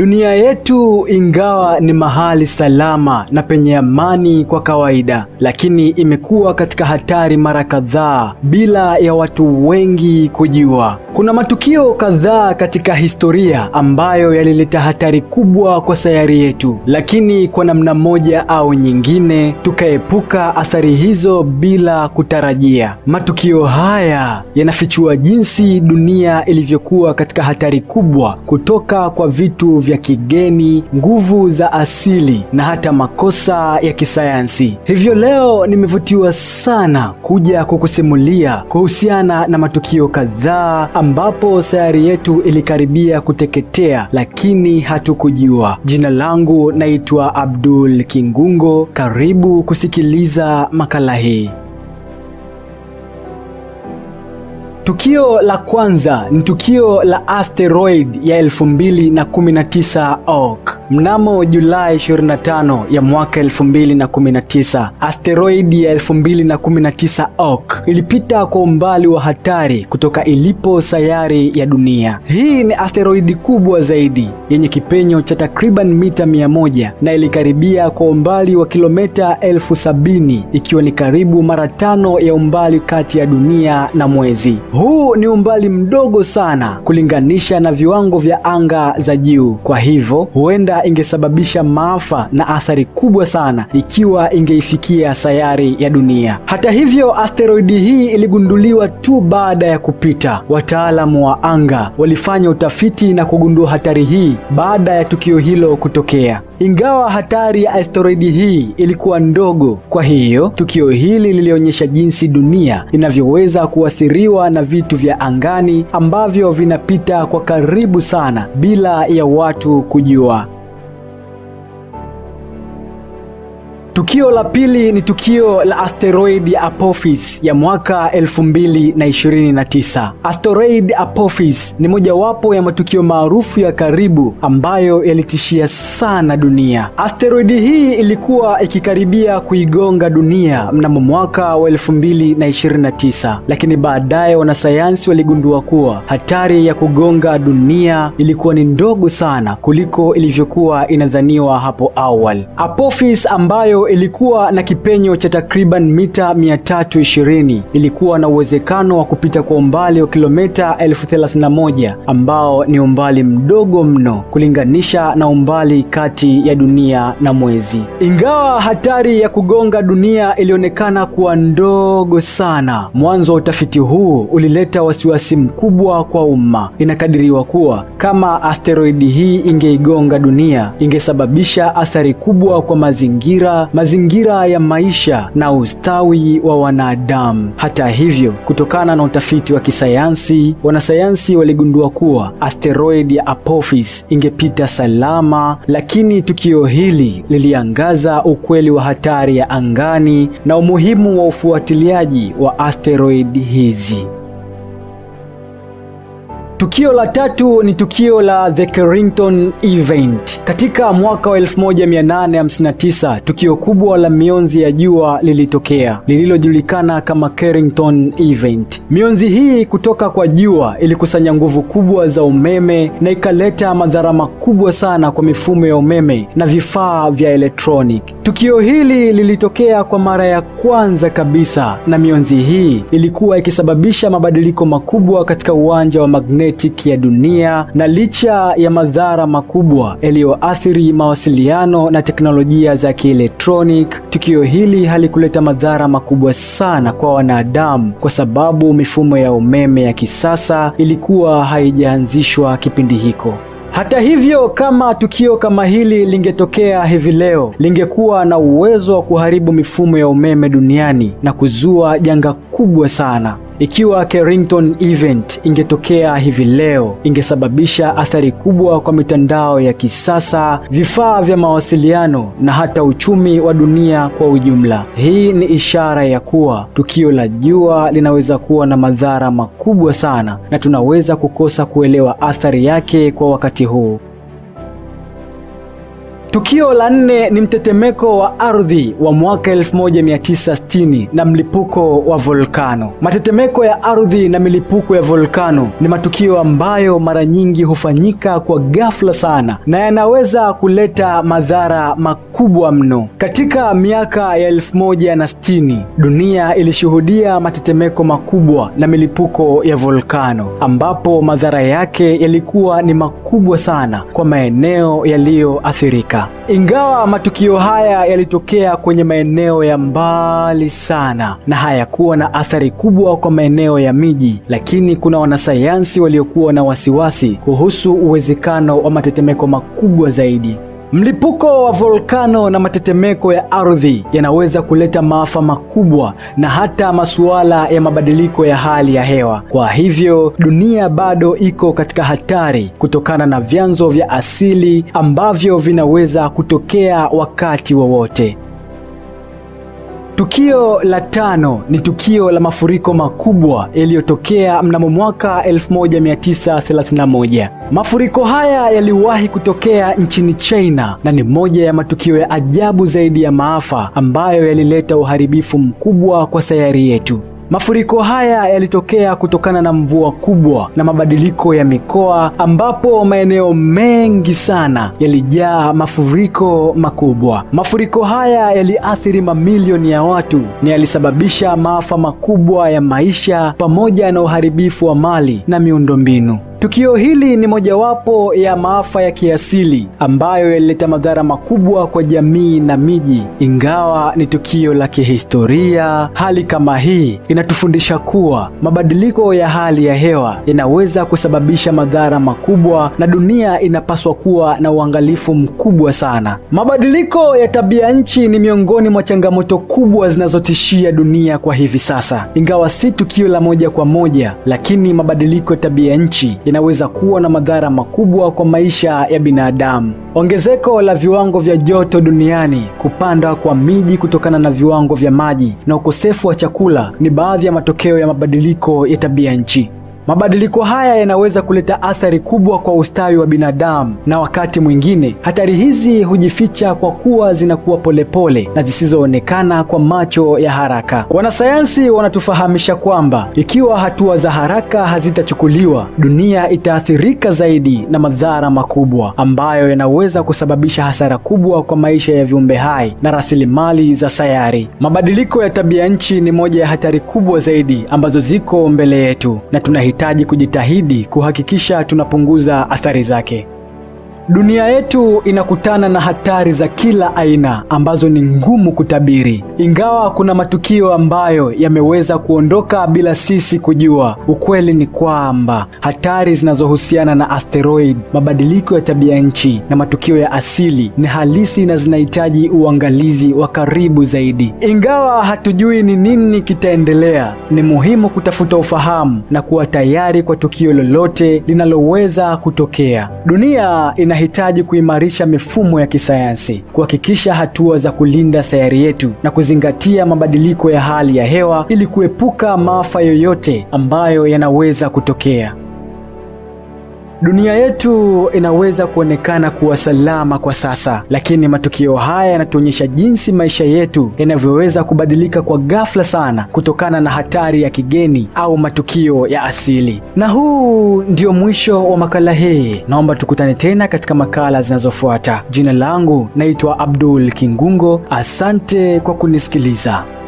Dunia yetu ingawa ni mahali salama na penye amani kwa kawaida, lakini imekuwa katika hatari mara kadhaa bila ya watu wengi kujua. Kuna matukio kadhaa katika historia ambayo yalileta hatari kubwa kwa sayari yetu, lakini kwa namna moja au nyingine tukaepuka athari hizo bila kutarajia. Matukio haya yanafichua jinsi dunia ilivyokuwa katika hatari kubwa kutoka kwa vitu vya kigeni, nguvu za asili na hata makosa ya kisayansi. Hivyo leo nimevutiwa sana kuja kukusimulia kuhusiana na matukio kadhaa ambapo sayari yetu ilikaribia kuteketea lakini hatukujua. Jina langu naitwa Abdul Kingungo. Karibu kusikiliza makala hii. Tukio la kwanza ni tukio la asteroid ya 2019 Oak. Mnamo Julai 25 ya mwaka 2019, asteroidi ya 2019 Ock ilipita kwa umbali wa hatari kutoka ilipo sayari ya dunia. Hii ni asteroidi kubwa zaidi yenye kipenyo cha takriban mita 100 na ilikaribia kwa umbali wa kilomita elfu sabini ikiwa ni karibu mara tano ya umbali kati ya dunia na mwezi. Huu ni umbali mdogo sana kulinganisha na viwango vya anga za juu, kwa hivyo huenda ingesababisha maafa na athari kubwa sana ikiwa ingeifikia sayari ya dunia. Hata hivyo, asteroidi hii iligunduliwa tu baada ya kupita. Wataalamu wa anga walifanya utafiti na kugundua hatari hii baada ya tukio hilo kutokea. Ingawa hatari ya asteroidi hii ilikuwa ndogo, kwa hiyo tukio hili lilionyesha jinsi dunia inavyoweza kuathiriwa na vitu vya angani ambavyo vinapita kwa karibu sana bila ya watu kujua. Tukio la pili ni tukio la asteroid ya Apophis ya mwaka 2029. Asteroid Apophis ni mojawapo ya matukio maarufu ya karibu ambayo yalitishia sana dunia. Asteroid hii ilikuwa ikikaribia kuigonga dunia mnamo mwaka wa 2029, lakini baadaye wanasayansi waligundua kuwa hatari ya kugonga dunia ilikuwa ni ndogo sana kuliko ilivyokuwa inadhaniwa hapo awali. Apophis ambayo ilikuwa na kipenyo cha takriban mita 320. Ilikuwa na uwezekano wa kupita kwa umbali wa kilomita 1031 ambao ni umbali mdogo mno kulinganisha na umbali kati ya dunia na mwezi. Ingawa hatari ya kugonga dunia ilionekana kuwa ndogo sana, mwanzo wa utafiti huu ulileta wasiwasi mkubwa kwa umma. Inakadiriwa kuwa kama asteroidi hii ingeigonga dunia, ingesababisha athari kubwa kwa mazingira, mazingira ya maisha na ustawi wa wanadamu. Hata hivyo, kutokana na utafiti wa kisayansi, wanasayansi waligundua kuwa asteroid ya Apophis ingepita salama, lakini tukio hili liliangaza ukweli wa hatari ya angani na umuhimu wa ufuatiliaji wa asteroid hizi. Tukio la tatu ni tukio la The Carrington Event. Katika mwaka wa 1859, tukio kubwa la mionzi ya jua lilitokea lililojulikana kama Carrington Event. Mionzi hii kutoka kwa jua ilikusanya nguvu kubwa za umeme na ikaleta madhara makubwa sana kwa mifumo ya umeme na vifaa vya electronic. Tukio hili lilitokea kwa mara ya kwanza kabisa na mionzi hii ilikuwa ikisababisha mabadiliko makubwa katika uwanja wa magnetic atletiki ya dunia, na licha ya madhara makubwa yaliyoathiri mawasiliano na teknolojia za kielektronic tukio hili halikuleta madhara makubwa sana kwa wanadamu, kwa sababu mifumo ya umeme ya kisasa ilikuwa haijaanzishwa kipindi hiko. Hata hivyo, kama tukio kama hili lingetokea hivi leo, lingekuwa na uwezo wa kuharibu mifumo ya umeme duniani na kuzua janga kubwa sana. Ikiwa Carrington event ingetokea hivi leo, ingesababisha athari kubwa kwa mitandao ya kisasa, vifaa vya mawasiliano na hata uchumi wa dunia kwa ujumla. Hii ni ishara ya kuwa tukio la jua linaweza kuwa na madhara makubwa sana na tunaweza kukosa kuelewa athari yake kwa wakati huu. Tukio la nne ni mtetemeko wa ardhi wa mwaka 1960 na mlipuko wa volkano. Matetemeko ya ardhi na milipuko ya volkano ni matukio ambayo mara nyingi hufanyika kwa ghafla sana na yanaweza kuleta madhara makubwa mno. Katika miaka ya 1960, dunia ilishuhudia matetemeko makubwa na milipuko ya volkano ambapo madhara yake yalikuwa ni makubwa sana kwa maeneo yaliyoathirika. Afrika. Ingawa matukio haya yalitokea kwenye maeneo ya mbali sana na hayakuwa na athari kubwa kwa maeneo ya miji, lakini kuna wanasayansi waliokuwa na wasiwasi kuhusu uwezekano wa matetemeko makubwa zaidi. Mlipuko wa volkano na matetemeko ya ardhi yanaweza kuleta maafa makubwa na hata masuala ya mabadiliko ya hali ya hewa. Kwa hivyo, dunia bado iko katika hatari kutokana na vyanzo vya asili ambavyo vinaweza kutokea wakati wowote wa Tukio la tano ni tukio la mafuriko makubwa yaliyotokea mnamo mwaka 1931. Mafuriko haya yaliwahi kutokea nchini China na ni moja ya matukio ya ajabu zaidi ya maafa ambayo yalileta uharibifu mkubwa kwa sayari yetu. Mafuriko haya yalitokea kutokana na mvua kubwa na mabadiliko ya mikoa, ambapo maeneo mengi sana yalijaa mafuriko makubwa. Mafuriko haya yaliathiri mamilioni ya watu na yalisababisha maafa makubwa ya maisha pamoja na uharibifu wa mali na miundombinu. Tukio hili ni mojawapo ya maafa ya kiasili ambayo yalileta madhara makubwa kwa jamii na miji. Ingawa ni tukio la kihistoria, hali kama hii inatufundisha kuwa mabadiliko ya hali ya hewa yanaweza kusababisha madhara makubwa na dunia inapaswa kuwa na uangalifu mkubwa sana. Mabadiliko ya tabia nchi ni miongoni mwa changamoto kubwa zinazotishia dunia kwa hivi sasa. Ingawa si tukio la moja kwa moja, lakini mabadiliko ya tabia nchi inaweza kuwa na madhara makubwa kwa maisha ya binadamu. Ongezeko la viwango vya joto duniani, kupanda kwa miji kutokana na viwango vya maji na ukosefu wa chakula ni baadhi ya matokeo ya mabadiliko ya tabia nchi. Mabadiliko haya yanaweza kuleta athari kubwa kwa ustawi wa binadamu, na wakati mwingine hatari hizi hujificha kwa kuwa zinakuwa polepole na zisizoonekana kwa macho ya haraka. Wanasayansi wanatufahamisha kwamba ikiwa hatua za haraka hazitachukuliwa, dunia itaathirika zaidi na madhara makubwa ambayo yanaweza kusababisha hasara kubwa kwa maisha ya viumbe hai na rasilimali za sayari. Mabadiliko ya tabia nchi ni moja ya hatari kubwa zaidi ambazo ziko mbele yetu na tuna tunahitaji kujitahidi kuhakikisha tunapunguza athari zake. Dunia yetu inakutana na hatari za kila aina ambazo ni ngumu kutabiri. Ingawa kuna matukio ambayo yameweza kuondoka bila sisi kujua, ukweli ni kwamba hatari zinazohusiana na asteroid, mabadiliko ya tabia nchi na matukio ya asili ni halisi na zinahitaji uangalizi wa karibu zaidi. Ingawa hatujui ni nini kitaendelea, ni muhimu kutafuta ufahamu na kuwa tayari kwa tukio lolote linaloweza kutokea. Dunia ina inahitaji kuimarisha mifumo ya kisayansi, kuhakikisha hatua za kulinda sayari yetu na kuzingatia mabadiliko ya hali ya hewa ili kuepuka maafa yoyote ambayo yanaweza kutokea. Dunia yetu inaweza kuonekana kuwa salama kwa sasa, lakini matukio haya yanatuonyesha jinsi maisha yetu yanavyoweza kubadilika kwa ghafla sana kutokana na hatari ya kigeni au matukio ya asili. Na huu ndio mwisho wa makala hii. Naomba tukutane tena katika makala zinazofuata. Jina langu naitwa Abdul Kingungo. Asante kwa kunisikiliza.